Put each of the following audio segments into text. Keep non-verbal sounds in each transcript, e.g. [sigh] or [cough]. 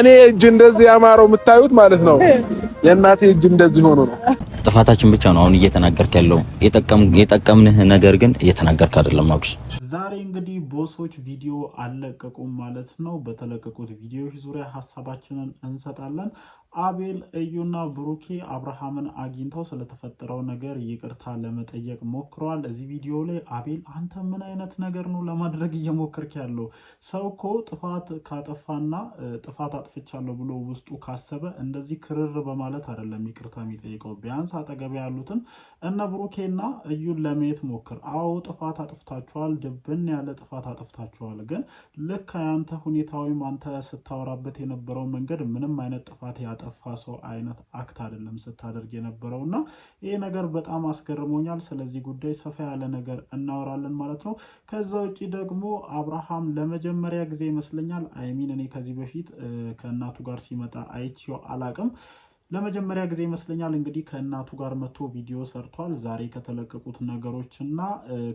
እኔ እጅ እንደዚህ ያማረው የምታዩት ማለት ነው። የእናቴ እጅ እንደዚህ ሆኖ ነው። ጥፋታችን ብቻ ነው አሁን እየተናገርክ ያለው የጠቀምንህ ነገር ግን እየተናገርክ አይደለም። አብዱስ ዛሬ እንግዲህ ቦሶች ቪዲዮ አልለቀቁም ማለት ነው። በተለቀቁት ቪዲዮዎች ዙሪያ ሀሳባችንን እንሰጣለን። አቤል እዩና ብሩኬ አብርሃምን አግኝተው ስለተፈጠረው ነገር ይቅርታ ለመጠየቅ ሞክረዋል። እዚህ ቪዲዮ ላይ አቤል አንተ ምን አይነት ነገር ነው ለማድረግ እየሞከርክ ያለው? ሰው እኮ ጥፋት ካጠፋና ጥፋት አጥፍቻለሁ ብሎ ውስጡ ካሰበ እንደዚህ ክርር በማለት አይደለም ይቅርታ የሚጠይቀው። ቢያንስ አጠገብ ያሉትን እነ ብሩኬና እዩን ለማየት ሞክር። አዎ ጥፋት አጥፍታችኋል፣ ድብን ያለ ጥፋት አጥፍታችኋል። ግን ልክ ያንተ ሁኔታ ወይም አንተ ስታወራበት የነበረው መንገድ ምንም አይነት ጥፋት እንዳጠፋ ሰው አይነት አክት አይደለም ስታደርግ የነበረው እና ይህ ነገር በጣም አስገርሞኛል። ስለዚህ ጉዳይ ሰፋ ያለ ነገር እናወራለን ማለት ነው። ከዛ ውጭ ደግሞ አብርሃም ለመጀመሪያ ጊዜ ይመስለኛል አይሚን እኔ ከዚህ በፊት ከእናቱ ጋር ሲመጣ አይቼው አላቅም ለመጀመሪያ ጊዜ ይመስለኛል እንግዲህ ከእናቱ ጋር መጥቶ ቪዲዮ ሰርቷል። ዛሬ ከተለቀቁት ነገሮች እና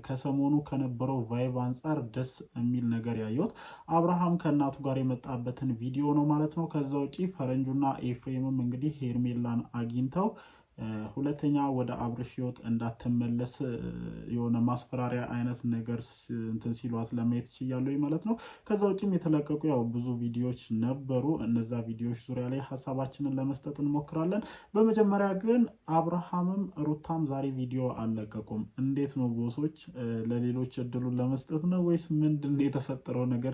ከሰሞኑ ከነበረው ቫይብ አንጻር ደስ የሚል ነገር ያየሁት አብርሃም ከእናቱ ጋር የመጣበትን ቪዲዮ ነው ማለት ነው። ከዛ ውጪ ፈረንጁና ኤፍሬምም እንግዲህ ሄርሜላን አግኝተው ሁለተኛ ወደ አብርሽ ህይወት እንዳትመለስ የሆነ ማስፈራሪያ አይነት ነገር እንትን ሲሏት ለማየት ችያለሁ ማለት ነው። ከዛ ውጭም የተለቀቁ ያው ብዙ ቪዲዮዎች ነበሩ። እነዛ ቪዲዮዎች ዙሪያ ላይ ሀሳባችንን ለመስጠት እንሞክራለን። በመጀመሪያ ግን አብርሃምም ሩታም ዛሬ ቪዲዮ አልለቀቁም። እንዴት ነው ቦሶች? ለሌሎች እድሉን ለመስጠት ነው ወይስ ምንድን የተፈጠረው ነገር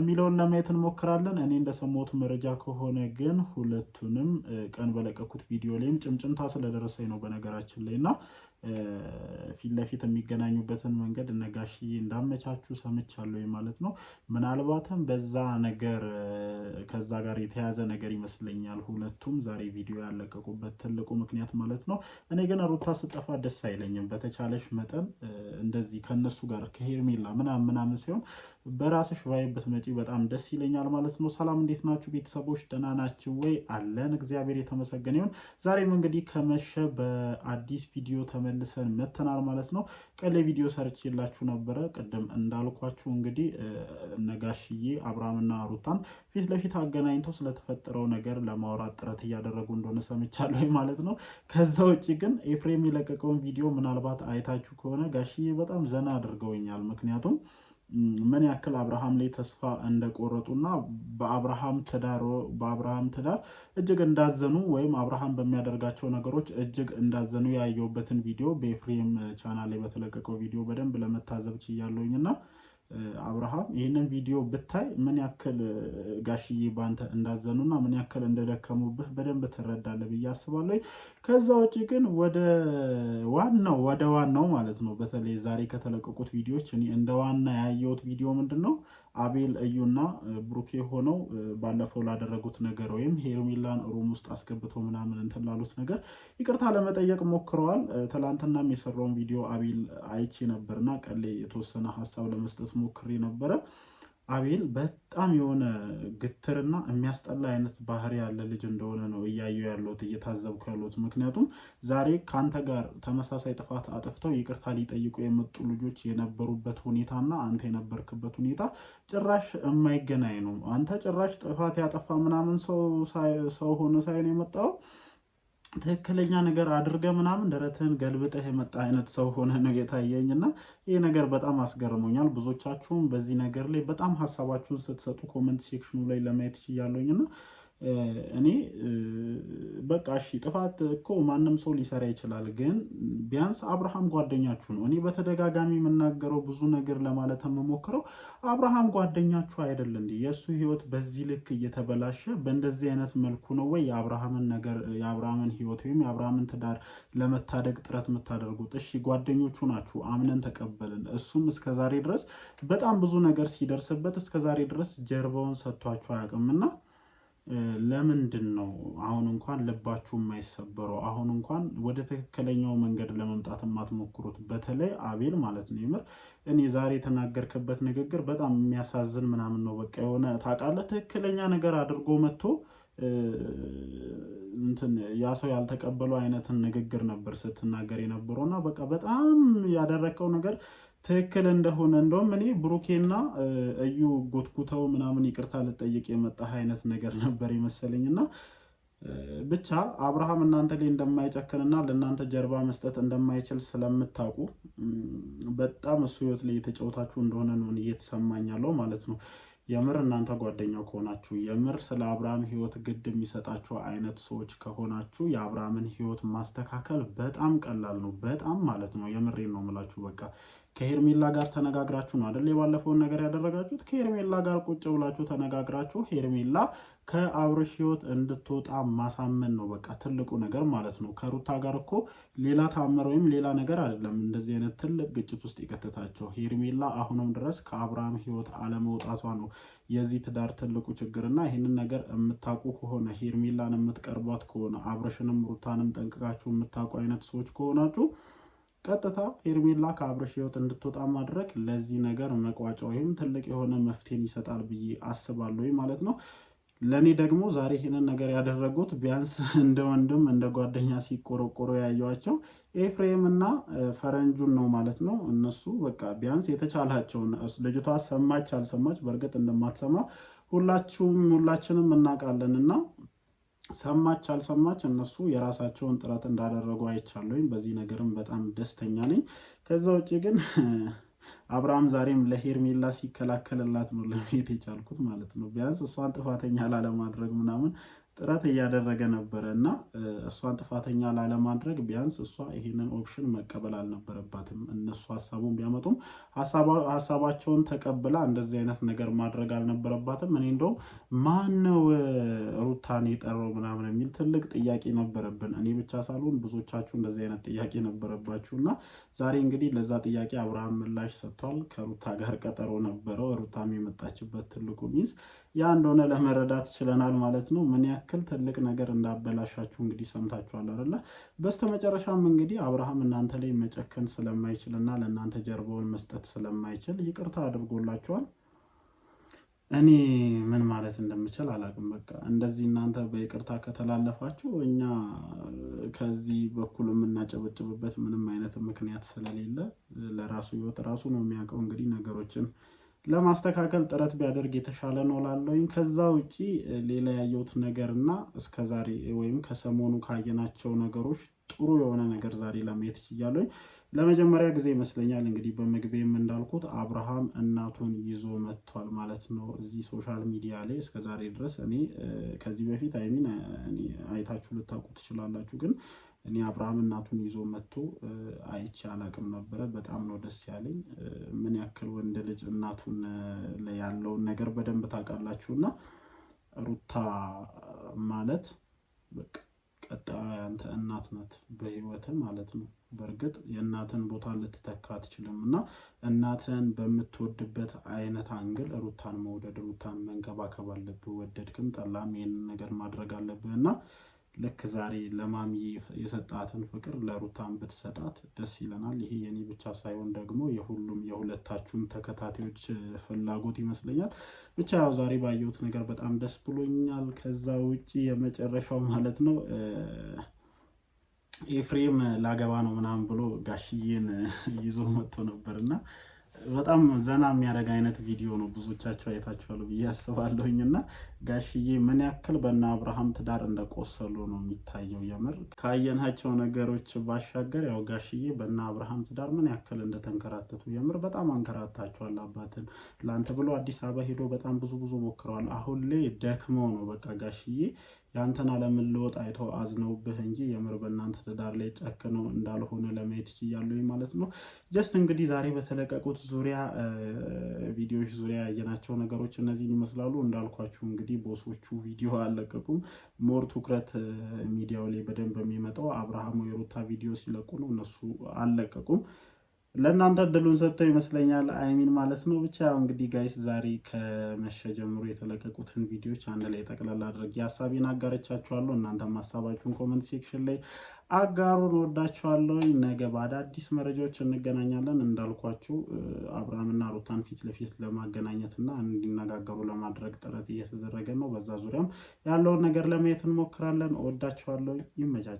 የሚለውን ለማየት እንሞክራለን። እኔ እንደሰማሁት መረጃ ከሆነ ግን ሁለቱንም ቀን በለቀኩት ቪዲዮ ላይም ጭምጭምታ ስለደረሰኝ ነው በነገራችን ላይ እና ፊት ለፊት የሚገናኙበትን መንገድ እነ ጋሽዬ እንዳመቻቹ ሰምቻለሁ ማለት ነው። ምናልባትም በዛ ነገር ከዛ ጋር የተያዘ ነገር ይመስለኛል ሁለቱም ዛሬ ቪዲዮ ያለቀቁበት ትልቁ ምክንያት ማለት ነው። እኔ ግን ሩታ ስጠፋ ደስ አይለኝም። በተቻለሽ መጠን እንደዚህ ከነሱ ጋር ከሄርሜላ ምናምን ምናምን ሲሆን በራስሽ ባይበት መጪ በጣም ደስ ይለኛል ማለት ነው። ሰላም እንዴት ናችሁ ቤተሰቦች? ደህና ናችሁ ወይ? አለን እግዚአብሔር የተመሰገነ ይሁን። ዛሬም እንግዲህ ከምን ስለመሸ በአዲስ ቪዲዮ ተመልሰን መተናል ማለት ነው። ቀለ ቪዲዮ ሰርች የላችሁ ነበረ። ቅድም እንዳልኳችሁ እንግዲህ ነጋሽዬ አብርሃምና ሩታን ፊት ለፊት አገናኝተው ስለተፈጠረው ነገር ለማውራት ጥረት እያደረጉ እንደሆነ ሰምቻለሁ [laughs] ማለት ነው። ከዛ ውጭ ግን ኤፍሬም የለቀቀውን ቪዲዮ ምናልባት አይታችሁ ከሆነ ጋሽዬ በጣም ዘና አድርገውኛል። ምክንያቱም ምን ያክል አብርሃም ላይ ተስፋ እንደቆረጡና በአብርሃም ትዳር በአብርሃም ትዳር እጅግ እንዳዘኑ ወይም አብርሃም በሚያደርጋቸው ነገሮች እጅግ እንዳዘኑ ያየውበትን ቪዲዮ በኤፍሬም ቻናል ላይ በተለቀቀው ቪዲዮ በደንብ ለመታዘብ ችያለሁኝ እና አብርሃም ይህንን ቪዲዮ ብታይ ምን ያክል ጋሽዬ ባንተ እንዳዘኑና ምን ያክል እንደደከሙብህ በደንብ ትረዳለህ ብዬ አስባለሁ። ከዛ ውጭ ግን ወደ ዋናው ወደ ዋናው ማለት ነው በተለይ ዛሬ ከተለቀቁት ቪዲዮዎች እኔ እንደ ዋና ያየሁት ቪዲዮ ምንድን ነው አቤል እዩና ብሩኬ ሆነው ባለፈው ላደረጉት ነገር ወይም ሄርሜላን ሩም ውስጥ አስገብተው ምናምን እንትን ላሉት ነገር ይቅርታ ለመጠየቅ ሞክረዋል። ትላንትናም የሰራውን ቪዲዮ አቤል አይቼ ነበርና ቀሌ የተወሰነ ሀሳብ ለመስጠት ሞክሬ ነበረ። አቤል በጣም የሆነ ግትርና የሚያስጠላ አይነት ባህሪ ያለ ልጅ እንደሆነ ነው እያየሁ ያለሁት እየታዘብኩ ያለሁት። ምክንያቱም ዛሬ ከአንተ ጋር ተመሳሳይ ጥፋት አጥፍተው ይቅርታ ሊጠይቁ የመጡ ልጆች የነበሩበት ሁኔታና አንተ የነበርክበት ሁኔታ ጭራሽ የማይገናኝ ነው። አንተ ጭራሽ ጥፋት ያጠፋ ምናምን ሰው ሆነ ሳይሆን የመጣው ትክክለኛ ነገር አድርገ ምናምን ደረትህን ገልብጠህ የመጣ አይነት ሰው ሆነ ነው የታየኝ እና ይህ ነገር በጣም አስገርሞኛል። ብዙዎቻችሁም በዚህ ነገር ላይ በጣም ሀሳባችሁን ስትሰጡ ኮመንት ሴክሽኑ ላይ ለማየት ችያለኝ እና እኔ በቃ እሺ ጥፋት እኮ ማንም ሰው ሊሰራ ይችላል፣ ግን ቢያንስ አብርሃም ጓደኛችሁ ነው። እኔ በተደጋጋሚ የምናገረው ብዙ ነገር ለማለት የምሞክረው አብርሃም ጓደኛችሁ አይደል እንዲ? የእሱ ህይወት በዚህ ልክ እየተበላሸ በእንደዚህ አይነት መልኩ ነው ወይ የአብርሃምን ነገር የአብርሃምን ህይወት ወይም የአብርሃምን ትዳር ለመታደግ ጥረት የምታደርጉት? እሺ ጓደኞቹ ናችሁ፣ አምነን ተቀበልን። እሱም እስከዛሬ ድረስ በጣም ብዙ ነገር ሲደርስበት እስከዛሬ ድረስ ጀርባውን ሰጥቷችሁ አያውቅምና ለምንድን ነው አሁን እንኳን ልባችሁ የማይሰበረው? አሁን እንኳን ወደ ትክክለኛው መንገድ ለመምጣት የማትሞክሩት? በተለይ አቤል ማለት ነው። ይምር እኔ ዛሬ የተናገርክበት ንግግር በጣም የሚያሳዝን ምናምን ነው። በቃ የሆነ ታውቃለህ፣ ትክክለኛ ነገር አድርጎ መጥቶ እንትን ያ ሰው ያልተቀበለው አይነትን ንግግር ነበር ስትናገር የነበረው እና በቃ በጣም ያደረከው ነገር ትክክል እንደሆነ እንደውም እኔ ብሩኬና እዩ ጎትጉተው ምናምን ይቅርታ ልጠይቅ የመጣ አይነት ነገር ነበር ይመስለኝ እና ብቻ አብርሃም እናንተ ላይ እንደማይጨክንና ለእናንተ ጀርባ መስጠት እንደማይችል ስለምታውቁ በጣም እሱ ህይወት ላይ የተጫወታችሁ እንደሆነ ነው እየተሰማኛለው ማለት ነው። የምር እናንተ ጓደኛው ከሆናችሁ የምር ስለ አብርሃም ህይወት ግድ የሚሰጣችሁ አይነት ሰዎች ከሆናችሁ የአብርሃምን ህይወት ማስተካከል በጣም ቀላል ነው። በጣም ማለት ነው። የምሬን ነው የምላችሁ በቃ ከሄርሜላ ጋር ተነጋግራችሁ ነው አደል የባለፈውን ነገር ያደረጋችሁት? ከሄርሜላ ጋር ቁጭ ብላችሁ ተነጋግራችሁ ሄርሜላ ከአብርሽ ህይወት እንድትወጣ ማሳመን ነው በቃ ትልቁ ነገር ማለት ነው። ከሩታ ጋር እኮ ሌላ ታምር ወይም ሌላ ነገር አይደለም እንደዚህ አይነት ትልቅ ግጭት ውስጥ የከተታቸው። ሄርሜላ አሁንም ድረስ ከአብርሃም ህይወት አለመውጣቷ ነው የዚህ ትዳር ትልቁ ችግርና ይህንን ነገር የምታውቁ ከሆነ ሄርሜላን የምትቀርቧት ከሆነ አብርሽንም ሩታንም ጠንቅቃችሁ የምታውቁ አይነት ሰዎች ከሆናችሁ ቀጥታ ሄርሜላ ከአብረሽ ህይወት እንድትወጣ ማድረግ ለዚህ ነገር መቋጫ ወይም ትልቅ የሆነ መፍትሄን ይሰጣል ብዬ አስባለሁ ማለት ነው። ለእኔ ደግሞ ዛሬ ይህንን ነገር ያደረጉት ቢያንስ እንደ ወንድም እንደ ጓደኛ ሲቆረቆሮ ያየዋቸው ኤፍሬም እና ፈረንጁን ነው ማለት ነው። እነሱ በቃ ቢያንስ የተቻላቸውን ልጅቷ ሰማች አልሰማች፣ በእርግጥ እንደማትሰማ ሁላችሁም ሁላችንም እናውቃለን እና ሰማች አልሰማች እነሱ የራሳቸውን ጥረት እንዳደረጉ አይቻለኝ። በዚህ ነገርም በጣም ደስተኛ ነኝ። ከዛ ውጭ ግን [laughs] አብርሃም ዛሬም ለሄርሜላ ሲከላከልላት ነው ለመሄድ የቻልኩት ማለት ነው። ቢያንስ እሷን ጥፋተኛ ላለማድረግ ምናምን ጥረት እያደረገ ነበረ እና እሷን ጥፋተኛ ላለማድረግ ቢያንስ እሷ ይሄንን ኦፕሽን መቀበል አልነበረባትም። እነሱ ሀሳቡን ቢያመጡም ሀሳባቸውን ተቀብላ እንደዚህ አይነት ነገር ማድረግ አልነበረባትም። እኔ እንደውም ማን ነው ሩታን የጠራው ምናምን የሚል ትልቅ ጥያቄ ነበረብን። እኔ ብቻ ሳልሆን ብዙዎቻችሁ እንደዚህ አይነት ጥያቄ ነበረባችሁ እና ዛሬ እንግዲህ ለዛ ጥያቄ አብርሃም ምላሽ ሰጥቷል። ከሩታ ጋር ቀጠሮ ነበረው። ሩታም የመጣችበት ትልቁ ሚንስ ያ እንደሆነ ለመረዳት ችለናል ማለት ነው። ምን ያክል ትልቅ ነገር እንዳበላሻችሁ እንግዲህ ሰምታችኋል አይደለ? በስተመጨረሻም እንግዲህ አብርሃም እናንተ ላይ መጨከን ስለማይችል እና ለእናንተ ጀርባውን መስጠት ስለማይችል ይቅርታ አድርጎላችኋል። እኔ ምን ማለት እንደምችል አላውቅም። በቃ እንደዚህ እናንተ በይቅርታ ከተላለፋችሁ እኛ ከዚህ በኩል የምናጨበጭብበት ምንም አይነት ምክንያት ስለሌለ ለራሱ ህይወት ራሱ ነው የሚያውቀው። እንግዲህ ነገሮችን ለማስተካከል ጥረት ቢያደርግ የተሻለ ነው ላለውኝ። ከዛ ውጪ ሌላ ያየሁት ነገር እና እስከዛሬ ወይም ከሰሞኑ ካየናቸው ነገሮች ጥሩ የሆነ ነገር ዛሬ ለማየት ችያለሁኝ። ለመጀመሪያ ጊዜ ይመስለኛል እንግዲህ በምግቤም እንዳልኩት አብርሃም እናቱን ይዞ መጥቷል ማለት ነው እዚህ ሶሻል ሚዲያ ላይ እስከ ዛሬ ድረስ እኔ ከዚህ በፊት አይሚን አይታችሁ ልታውቁ ትችላላችሁ ግን እኔ አብርሃም እናቱን ይዞ መጥቶ አይቼ አላቅም ነበረ። በጣም ነው ደስ ያለኝ። ምን ያክል ወንድ ልጅ እናቱን ላይ ያለውን ነገር በደንብ ታውቃላችሁ እና ሩታ ማለት በቃ ቀጣዩ ያንተ እናት ናት በህይወት ማለት ነው። በእርግጥ የእናትን ቦታ ልትተካ አትችልም እና እናትህን በምትወድበት አይነት አንግል ሩታን መውደድ፣ ሩታን መንከባከብ አለብህ። ወደድክም ጠላም ይህንን ነገር ማድረግ አለብህ እና ልክ ዛሬ ለማሚ የሰጣትን ፍቅር ለሩታን ብትሰጣት ደስ ይለናል። ይሄ የኔ ብቻ ሳይሆን ደግሞ የሁሉም የሁለታችሁም ተከታታዮች ፍላጎት ይመስለኛል። ብቻ ያው ዛሬ ባየሁት ነገር በጣም ደስ ብሎኛል። ከዛ ውጭ የመጨረሻው ማለት ነው ኤፍሬም ላገባ ነው ምናምን ብሎ ጋሽዬን ይዞ መጥቶ ነበር እና በጣም ዘና የሚያደርግ አይነት ቪዲዮ ነው። ብዙዎቻቸው አይታችኋል ብዬ አስባለሁኝ እና ጋሽዬ ምን ያክል በእነ አብርሃም ትዳር እንደቆሰሉ ነው የሚታየው። የምር ካየናቸው ነገሮች ባሻገር ያው ጋሽዬ በእነ አብርሃም ትዳር ምን ያክል እንደተንከራተቱ የምር በጣም አንከራታቸዋል። አባትን ለአንተ ብሎ አዲስ አበባ ሄዶ በጣም ብዙ ብዙ ሞክረዋል። አሁን ላይ ደክመው ነው በቃ ጋሽዬ ያንተን አለመለወጥ አይተው አዝነውብህ እንጂ የምር በእናንተ ትዳር ላይ ጨክነው እንዳልሆነ ለማየት ችያለሁ ማለት ነው። ጀስት እንግዲህ ዛሬ በተለቀቁት ዙሪያ ቪዲዮዎች ዙሪያ ያየናቸው ነገሮች እነዚህን ይመስላሉ። እንዳልኳችሁ እንግዲህ ቦሶቹ ቪዲዮ አልለቀቁም። ሞር ትኩረት ሚዲያው ላይ በደንብ የሚመጣው አብርሃም የሩታ ቪዲዮ ሲለቁ ነው። እነሱ አልለቀቁም። ለእናንተ እድሉን ሰጥተው ይመስለኛል አይሚን ማለት ነው። ብቻ ያው እንግዲህ ጋይስ ዛሬ ከመሸ ጀምሮ የተለቀቁትን ቪዲዮዎች አንድ ላይ ጠቅላላ አድርጌ ሀሳቤን አጋርቻችኋለሁ። እናንተም ሀሳባችሁን ኮመንት ሴክሽን ላይ አጋሩን። ወዳችኋለሁ። ነገ በአዳዲስ መረጃዎች እንገናኛለን። እንዳልኳችሁ አብርሃምና ሩታን ፊት ለፊት ለማገናኘት እና እንዲነጋገሩ ለማድረግ ጥረት እየተደረገ ነው። በዛ ዙሪያም ያለውን ነገር ለማየት እንሞክራለን። ወዳችኋለሁ። ይመቻቸው።